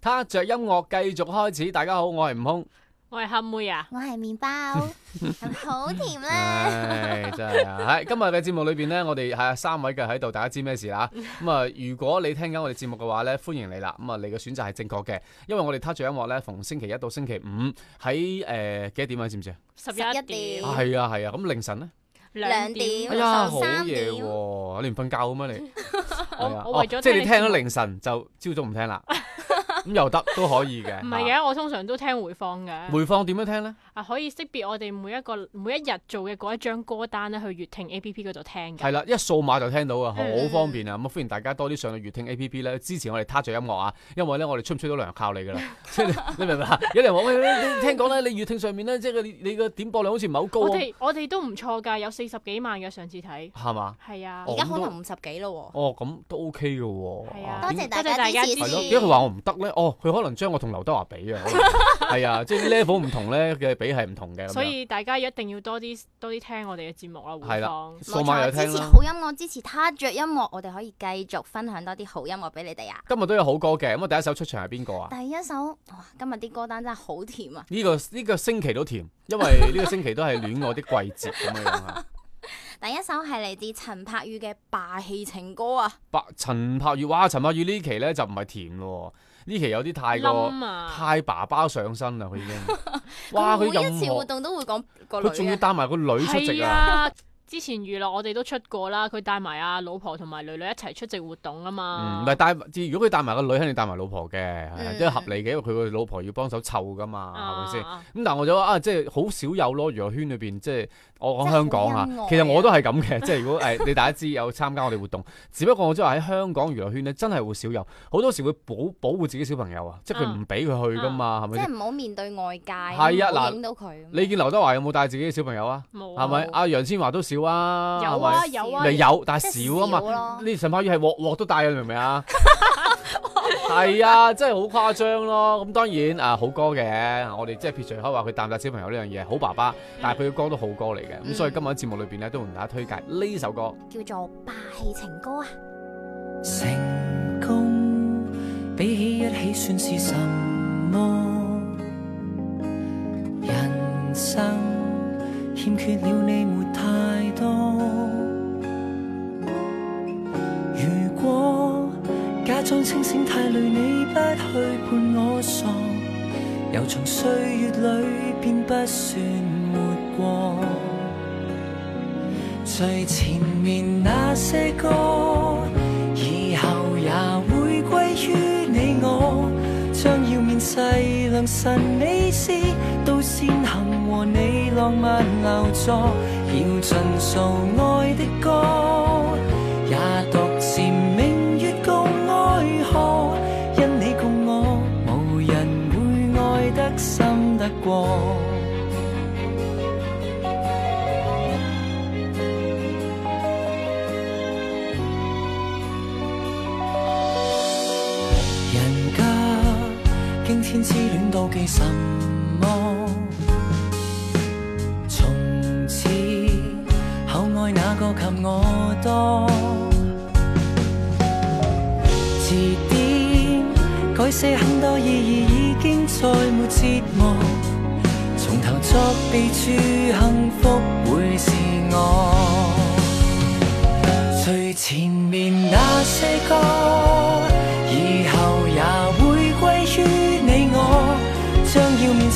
他着音樂繼續開始，大家好，我係悟空，我係黑妹啊，我係麵包，好 甜咧、 哎。真係啊，係、哎、今日嘅節目裏邊咧，我哋係啊三位嘅喺度，大家知咩事啦？咁、嗯、啊，如果你聽緊我哋節目嘅話咧，歡迎你啦。咁啊，你嘅選擇係正確嘅，因為我哋他着音樂咧，逢星期一到星期五喺誒、呃、幾多點啊？知唔知？十一點。係啊係啊，咁、啊、凌晨咧？兩點。哎呀，好夜喎！你唔瞓覺嘅咩你？我我為咗、哦、 即係你聽咗凌晨就朝早唔聽啦。咁又、嗯、得都可以嘅，唔係嘅，啊、我通常都聽回放嘅。回放點樣聽咧？可以識別我哋每一個每一日做嘅嗰一張歌單咧，去悅聽 A P P 嗰度聽嘅。係啦，一掃碼就聽到啊，好、嗯、方便啊！咁歡迎大家多啲上到悅聽 A P P 咧，支持我哋他著音樂啊！因為咧，我哋出唔出到糧靠你㗎啦， 你明唔明啊？有人話喂、哎，你聽講咧，你悅聽上面咧，即、就、係、是、你你個點播量好似唔係好高。我哋都唔錯㗎，有四十幾萬嘅上次睇。係嘛吧？係啊，而家可能五十幾咯喎。哦，咁、哦、都 OK 㗎喎。係啊，啊多謝大家支持、啊。點解佢話我唔得咧？哦，佢可能將我同劉德華比 啊，係啊，即係 level 唔同咧嘅比。係唔同嘅，所以大家一定要多啲多啲聽我哋嘅節目啦。係啦，數碼支持好音樂，支持他着音樂，我哋可以繼續分享多啲好音樂俾你哋啊。今日都有好歌嘅，咁、嗯、啊，第一首出場係邊個啊？第一首哇，今日啲歌單真係好甜啊！呢、這個呢、這個星期都甜，因為呢個星期都係戀愛的季節咁樣啊。 第一首係嚟自陳柏宇嘅《霸氣情歌》啊。陳柏宇哇，陳柏宇期呢期咧就唔係甜嘅。呢期有啲太過太爸爸上身啦，佢已經。 哇！佢每一次活動都會講個女，佢仲要帶埋個女，個女出席啊。 之前娛樂我哋都出過啦，佢帶埋阿老婆同埋女女一齊出席活動啊嘛。唔係帶，如果佢帶埋個女，肯定帶埋老婆嘅，即係合理嘅，因為佢個老婆要幫手湊噶嘛，係咪先？咁但係我就話啊，即係好少有咯，娛樂圈裏邊即係我講香港啊，其實我都係咁嘅，即係如果你大家知有參加我哋活動，只不過我即係喺香港娛樂圈咧，真係會少有，好多時會保保護自己小朋友啊，即係佢唔俾佢去噶嘛，係咪？即係唔好面對外界，唔好影到佢。你見劉德華有冇帶自己嘅小朋友啊？冇，係咪？阿楊千嬅都少。啊有啊，是是有啊，有、啊，但係少啊嘛。呢啲神炮魚係鑊鑊都帶嘅，明唔明啊？係 啊，真係好誇張咯。咁當然啊，好歌嘅。我哋即係撇除開話佢帶唔帶小朋友呢樣嘢，好爸爸，嗯、但係佢嘅歌都好歌嚟嘅。咁、嗯、所以今日節目裏邊呢，都同大家推介呢首歌，叫做《霸氣情歌》啊。成功比起一起算是什麼？人生欠缺了。由從歲月裏便不算活過，最前面那些歌，以後也會歸於你我，將要面世良辰美事，都先行和你浪漫留座，要盡數愛的歌，也到。妒忌什麼？從此厚愛哪個及我多？字典改寫很多意義，已經再沒折磨，從頭作避處，幸福會是我最前面那些歌。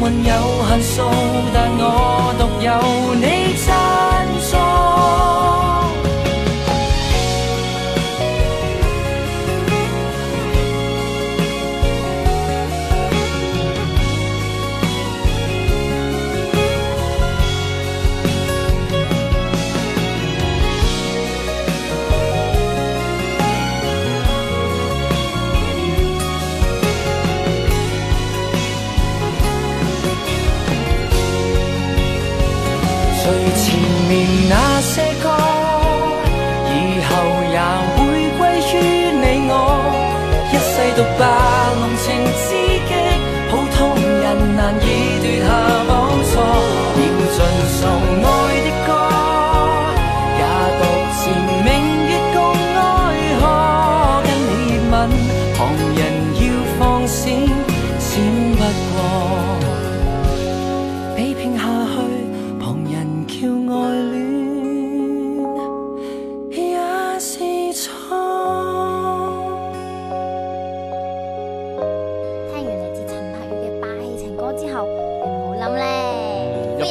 命有限數，但我獨有你真。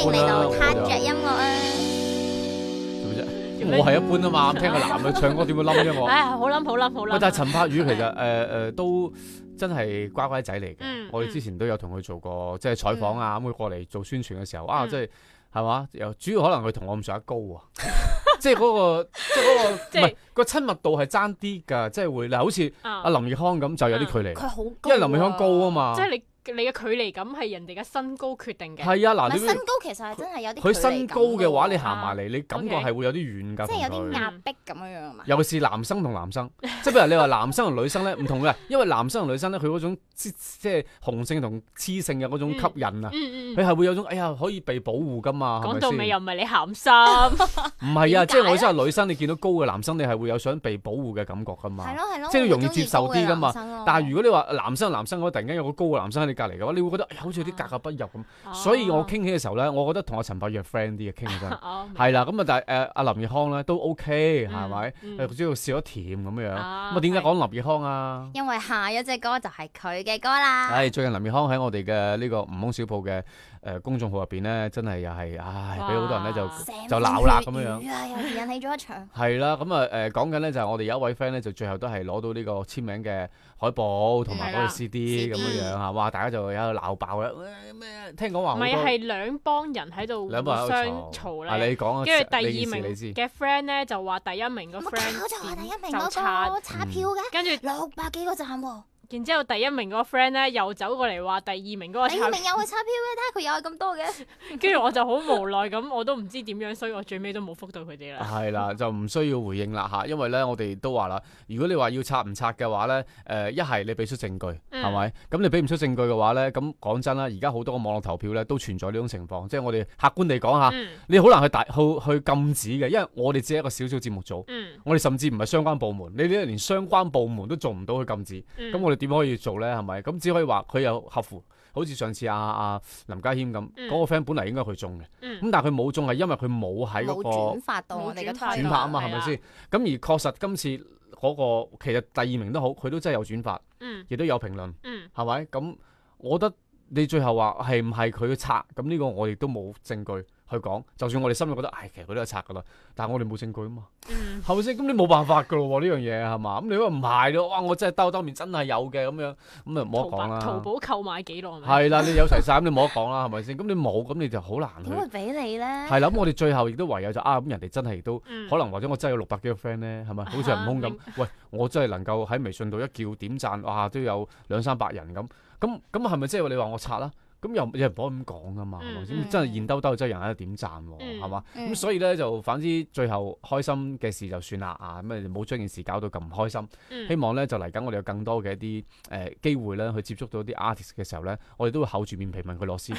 聽著音樂啊，做咩啫？我係一般啊嘛，我聽個男嘅唱歌點會冧啫我？哎呀，好冧好冧好冧！但係陳柏宇其實誒誒都真係乖乖仔嚟嘅。我哋之前都有同佢做過即係採訪啊，咁佢過嚟做宣傳嘅時候啊，即係係嘛？又主要可能佢同我唔上得高喎，即係嗰個即係嗰個唔係個親密度係爭啲噶，即係會嗱，好似阿林奕匡咁就有啲距離，佢好，因為林奕匡高啊嘛，即係你。你嘅距離感係人哋嘅身高決定嘅。係啊，嗱，身高其實係真係有啲距離感。佢身高嘅話，你行埋嚟，你感覺係會有啲遠㗎。即係有啲壓迫咁樣樣嘛。尤其是男生同男生，即係譬如你話男生同女生咧唔同嘅，因為男生同女生咧佢嗰種即係雄性同雌性嘅嗰種吸引啊，佢係會有種哎呀可以被保護㗎嘛。講到尾又唔係你鹹心。唔係啊，即係我先話女生，你見到高嘅男生，你係會有想被保護嘅感覺㗎嘛。係咯係咯，即係容易接受啲㗎嘛。但係如果你話男生男生嗰突然間有個高嘅男生，隔離嘅話，你會覺得好似有啲格格不入咁，啊、所以我傾起嘅時候咧，我覺得同阿陳柏宇 friend 啲啊傾起身，係啦，咁啊但係誒阿林奕匡咧都 OK 係咪、嗯？佢知道笑咗甜咁樣，咁啊點解講林奕匡啊？因為下一隻歌就係佢嘅歌啦。係、哎、最近林奕匡喺我哋嘅呢個悟空小鋪嘅。誒公眾號入邊咧，真係又係，唉，俾好多人咧就就鬧鬧咁樣引起咗一場。係啦，咁啊誒講緊咧就係我哋有一位 friend 咧，就最後都係攞到呢個簽名嘅海報同埋嗰個 CD 咁樣樣嚇，哇！大家就喺度鬧爆啦，聽講話唔係啊，係兩幫人喺度互相嘈咧。跟住第二名嘅 friend 咧就話第一名個 friend 冇炒第一名，我講炒票嘅，跟住六百幾個站喎。然之後第一名嗰個 friend 咧又走過嚟話第二名嗰個，第二名有個拆票嘅，睇下佢有咁多嘅。跟住 我就好無奈咁， 我都唔知點樣，所以我最尾都冇覆到佢哋啦。係啦，就唔需要回應啦嚇，因為咧我哋都話啦，如果你要策策話、呃、要拆唔拆嘅話咧，誒一係你俾出證據係咪？咁、嗯、你俾唔出證據嘅話咧，咁講真啦，而家好多網絡投票咧都存在呢種情況，即係我哋客觀地講下，嗯、你好難去去去禁止嘅，因為我哋只係一個小小節目組，嗯、我哋甚至唔係相關部門，你哋連相關部門都做唔到去禁止，咁我哋。嗯點可以做咧？係咪咁只可以話佢有客服？好似上次阿、啊、阿、啊、林家謙咁，嗰、嗯、個 fan 本嚟應該佢中嘅，咁、嗯、但係佢冇中係因為佢冇喺嗰個轉發到我哋嘅推文啊嘛，係咪先？咁而確實今次嗰、那個其實第二名都好，佢都真係有轉發，亦、嗯、都有評論，係咪、嗯？咁我覺得你最後話係唔係佢要拆？咁呢個我亦都冇證據。去講，就算我哋心裡覺得，唉、哎，其實佢都係拆噶啦，但係我哋冇證據啊嘛，係咪先？咁你冇辦法噶咯喎，呢 樣嘢係嘛？咁你話唔係咯？哇，我真係兜兜面真係有嘅咁樣，咁啊冇得講啦。淘寶購買幾耐？係啦， 你有齊晒，咁你冇得講啦，係咪先？咁你冇咁你就好難。咁俾你咧？係啦，咁我哋最後亦都唯有就啊，咁人哋真係都、嗯、可能或者我真係有六百幾個 friend 咧，係咪？好似悟空咁，喂，我真係能夠喺微信度一叫點讚，哇，都有兩三百人咁，咁咁係咪即係你話我拆啦？咁又有人唔可以咁講噶嘛，真係現兜兜，真係有人喺度點贊喎，係嘛？咁所以咧就反之，最後開心嘅事就算啦啊，咁啊冇將件事搞到咁唔開心。希望咧就嚟緊，我哋有更多嘅一啲誒機會咧，去接觸到啲 artist 嘅時候咧，我哋都會厚住面皮問佢攞 CD。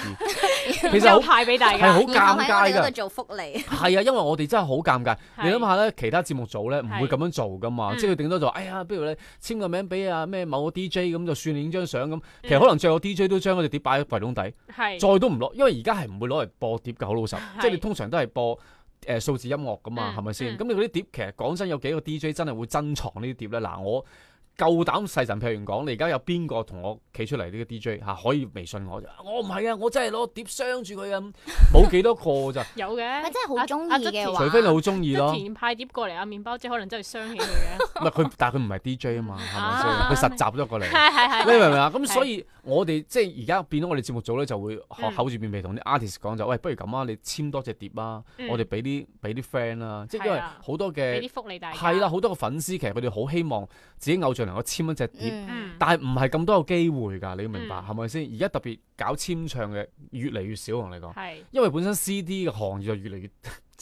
其實派俾大家，係好尷尬㗎。做福利係啊，因為我哋真係好尷尬。你諗下咧，其他節目組咧唔會咁樣做噶嘛。即係佢頂多就哎呀，不如你簽個名俾啊咩某 DJ 咁就算，影張相咁。其實可能最後 DJ 都將嗰哋啲擺喺櫃底，再都唔落，因為而家係唔會攞嚟播碟噶，好老實，即係你通常都係播誒數字音樂噶嘛，係咪先？咁你嗰啲碟其實講真，有幾個 D J 真係會珍藏呢啲碟咧？嗱，我夠膽細神譬如講，你而家有邊個同我企出嚟呢個 D J 吓可以微信我？我唔係啊，我真係攞碟鑲住佢咁，冇幾多個咋？有嘅，真係好中意除非你好中意咯。阿田派碟過嚟，阿麵包姐可能真係鑲起佢嘅。係佢，但係佢唔係 D J 啊嘛，係咪先？佢實習咗過嚟，你明唔明啊？咁所以。我哋即係而家變到我哋節目組咧就會厚住面皮同啲 artist 講就，喂，不如咁啊，你簽多隻碟啦、啊，嗯、我哋俾啲俾啲 friend 啦，即係因為好多嘅，福利大，係啦，好多嘅粉絲其實佢哋好希望自己偶像能夠簽一隻碟，嗯、但係唔係咁多嘅機會㗎，你要明白係咪先？而家、嗯、特別搞簽唱嘅越嚟越少，我同你講，嗯、因為本身 CD 嘅行業就越嚟越。嗯 越嚟越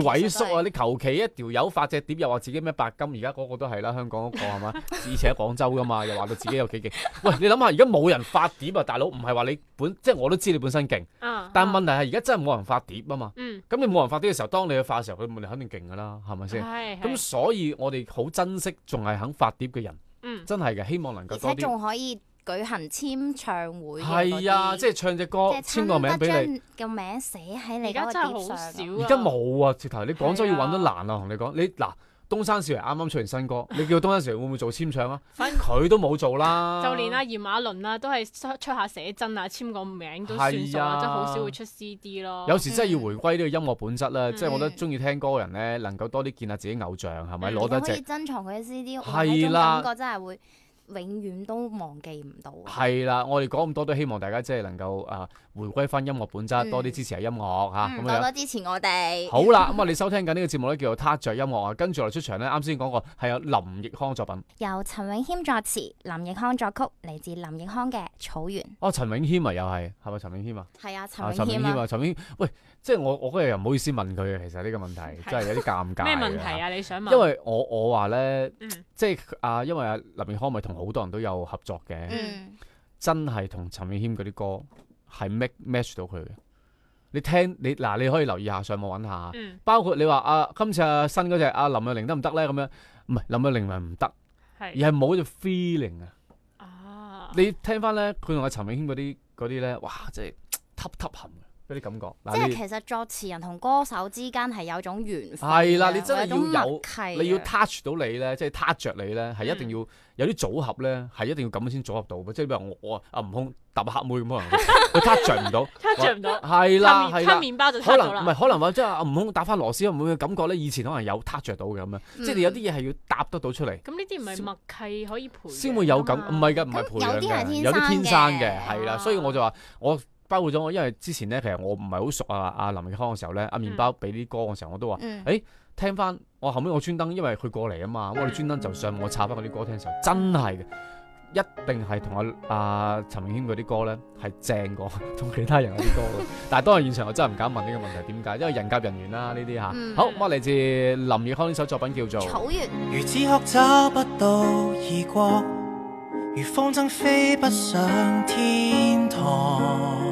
萎縮啊！你求其一條友發隻碟，又話自己咩白金，而家嗰個都係啦，香港嗰個係嘛？而且 廣州噶嘛，又話到自己有幾勁。喂，你諗下，而家冇人發碟啊！大佬唔係話你本，即係我都知你本身勁。嗯、但問題係而家真係冇人發碟啊嘛。嗯。咁你冇人發碟嘅時候，當你去發嘅時候，佢咪肯定勁㗎啦，係咪先？係係是。咁所以我哋好珍惜，仲係肯發碟嘅人。嗯、真係嘅，希望能夠多啲。而且仲可以。舉行簽唱會，係啊，即係唱隻歌簽個名俾你，個名寫喺你嗰碟上。而家真係好少，而家冇啊！直頭你廣州要搵都難啊！同你講，你嗱東山少爺啱啱出完新歌，你叫東山少爺會唔會做簽唱啊？佢都冇做啦。就連阿炎亞綸啊，都係出下寫真啊，簽個名都算數啊，真係好少會出 C D 咯。有時真係要回歸呢個音樂本質啦，即係我覺得中意聽歌嘅人咧，能夠多啲見下自己偶像，係咪攞得隻珍藏佢嘅 C D？係啦，感覺真係會。永遠都忘記唔到。係啦，我哋講咁多都希望大家即係能夠啊回歸翻音樂本質，多啲支持下音樂吓。多多支持我哋。好啦，咁我哋收聽緊呢個節目咧，叫做《Touch 着音樂》，跟住落出場咧，啱先講過係有林奕匡作品，由陳詠謙作詞，林奕匡作曲，嚟自林奕匡嘅《草原》。哦，陳詠謙啊，又係係咪陳詠謙啊？係啊，陳詠謙啊，陳永喂，即係我我日又唔好意思問佢，其實呢個問題真係有啲尷尬。咩問題啊？你想問？因為我我話咧，即係啊，因為啊林奕匡咪同。好多人都有合作嘅，嗯、真係同陳詠謙嗰啲歌係 make match 到佢嘅。你聽你嗱、啊，你可以留意下上網揾下，嗯、包括你話阿、啊、今次阿新嗰隻阿林若寧得唔得咧？咁樣唔係林若寧係唔得，而係冇咗 feeling 啊！你聽翻咧，佢同阿陳詠謙嗰啲嗰啲咧，哇！真係噏噏痕。啲感覺，即係其實作詞人同歌手之間係有種緣分，係啦，你真係要有默契，你要 touch 到你咧，即係 touch 着你咧，係一定要有啲組合咧，係一定要咁先組合到。即係譬如我啊，阿悟空搭黑妹咁可能，佢 touch 唔到，touch 唔到，係啦，搭麵包就 touch 到，唔係可能話即係阿悟空搭返螺絲，嘅感覺咧，以前可能有 touch 著到嘅咁樣。即係你有啲嘢係要搭得到出嚟。咁呢啲唔係默契可以培先會有咁，唔係嘅，唔係培養嘅，有啲天生嘅，係啦。所以我就話我。包括咗我，因為之前咧，其實我唔係好熟啊。阿林奕匡嘅時候咧，阿面、嗯啊、包俾啲歌嘅時候，我都話：誒、嗯欸，聽翻。我後尾我專登，因為佢過嚟啊嘛，嗯、我專登就上網查翻嗰啲歌聽嘅時候，真係嘅，一定係同阿阿陳詠謙嗰啲歌咧係正過同其他人嗰啲歌的。嗯、但係當日現場我真係唔敢問呢個問題，點解？因為人夾人緣啦、啊，呢啲吓好，我嚟自林奕匡呢首作品叫做《草原》。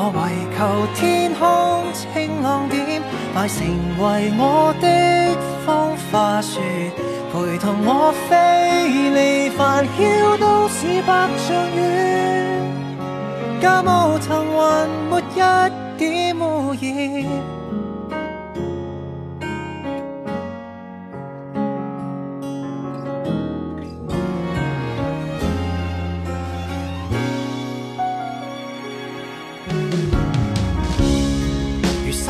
我為求天空清朗點，快成為我的風花雪，陪同我飛離煩囂都市百丈遠，加霧層雲沒一點污染。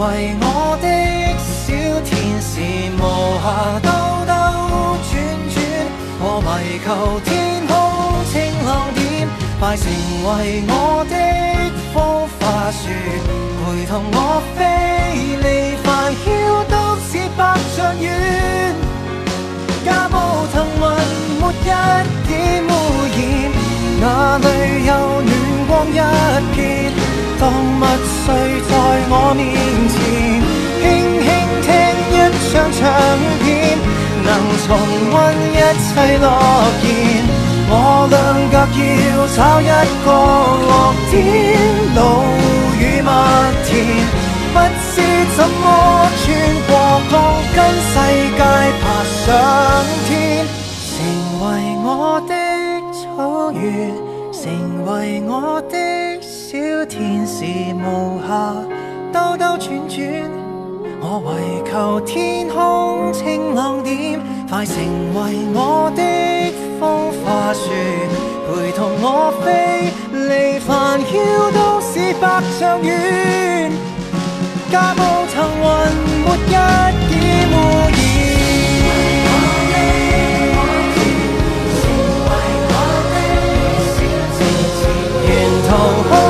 為我的小天使無暇兜兜轉轉，我為求天空清朗點，快成為我的風化樹，陪同我飛離繁囂，都市百丈遠，駕步騰雲，沒一點污染，哪裏有暖光一片？當蜜碎在我面前，輕輕聽一張唱片，能重温一切諾言。我兩腳要找一個落點，路遠萬千，不知怎麼穿過鋼筋世界爬上天，成為我的草原，成為我的。小天使無瑕，兜兜轉轉，我為求天空清朗點，快成為我的風化樹，陪同我飛離煩囂，都市百丈遠，駕霧騰雲，沒一點污染。我天成沿途